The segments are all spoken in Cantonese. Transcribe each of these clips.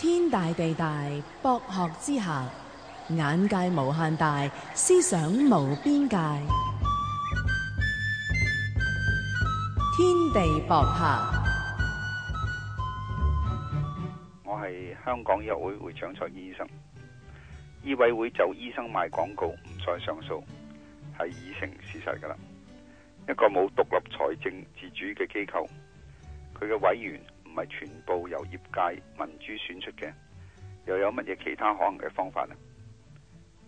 天大地大，博學之下，眼界無限大，思想無邊界。天地博客。我係香港醫學會會長蔡醫生，醫委會就醫生賣廣告唔再上訴，係已成事實㗎喇。一個冇獨立財政自主嘅機構，佢嘅委員。係全部由業界民主選出嘅，又有乜嘢其他可能嘅方法呢？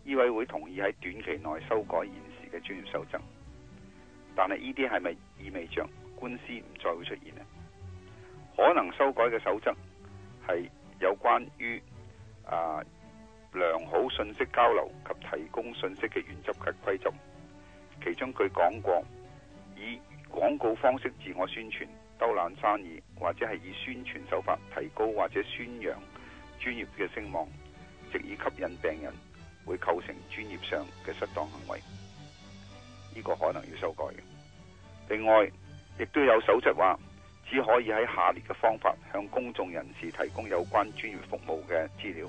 醫委會同意喺短期內修改現時嘅專業守則，但係呢啲係咪意味着官司唔再會出現呢？可能修改嘅守則係有關於啊良好信息交流及提供信息嘅原則及規則，其中佢講過以。廣告方式自我宣傳、兜攬生意，或者係以宣傳手法提高或者宣揚專業嘅聲望，藉以吸引病人，會構成專業上嘅失當行為。呢、這個可能要修改。另外，亦都有守則話，只可以喺下列嘅方法向公眾人士提供有關專業服務嘅資料，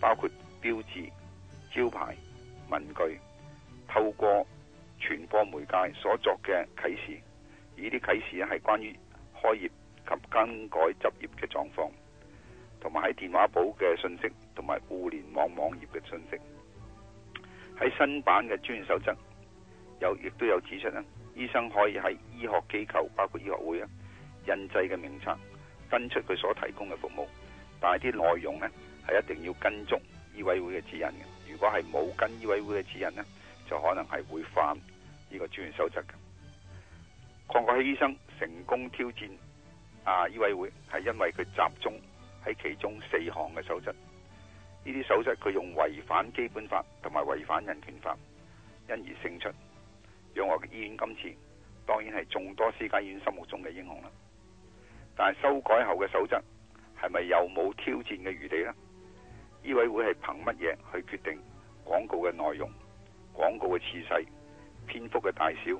包括標誌、招牌、文具，透過傳播媒介所作嘅啟示。呢啲啟示咧，係關於開業及更改執業嘅狀況，同埋喺電話簿嘅信息，同埋互聯網網頁嘅信息。喺新版嘅專業守則有亦都有指出咧，醫生可以喺醫學機構，包括醫學會啊印製嘅名冊，跟出佢所提供嘅服務，但係啲內容呢，係一定要跟足醫委會嘅指引嘅。如果係冇跟醫委會嘅指引呢，就可能係會犯呢個專業守則嘅。鄺國熙醫生成功挑戰啊醫委會，係因為佢集中喺其中四項嘅守則，呢啲守則佢用違反基本法同埋違反人權法，因而勝出。讓我嘅醫院今次當然係眾多私家醫院心目中嘅英雄啦。但係修改後嘅守則係咪又冇挑戰嘅餘地呢？醫委會係憑乜嘢去決定廣告嘅內容、廣告嘅次序、篇幅嘅大小？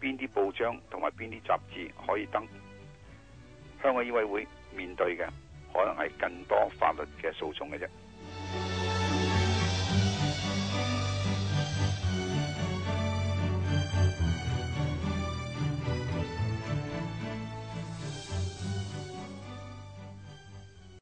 邊啲報章同埋邊啲雜誌可以登？香港醫委會面對嘅可能係更多法律嘅訴訟嘅啫。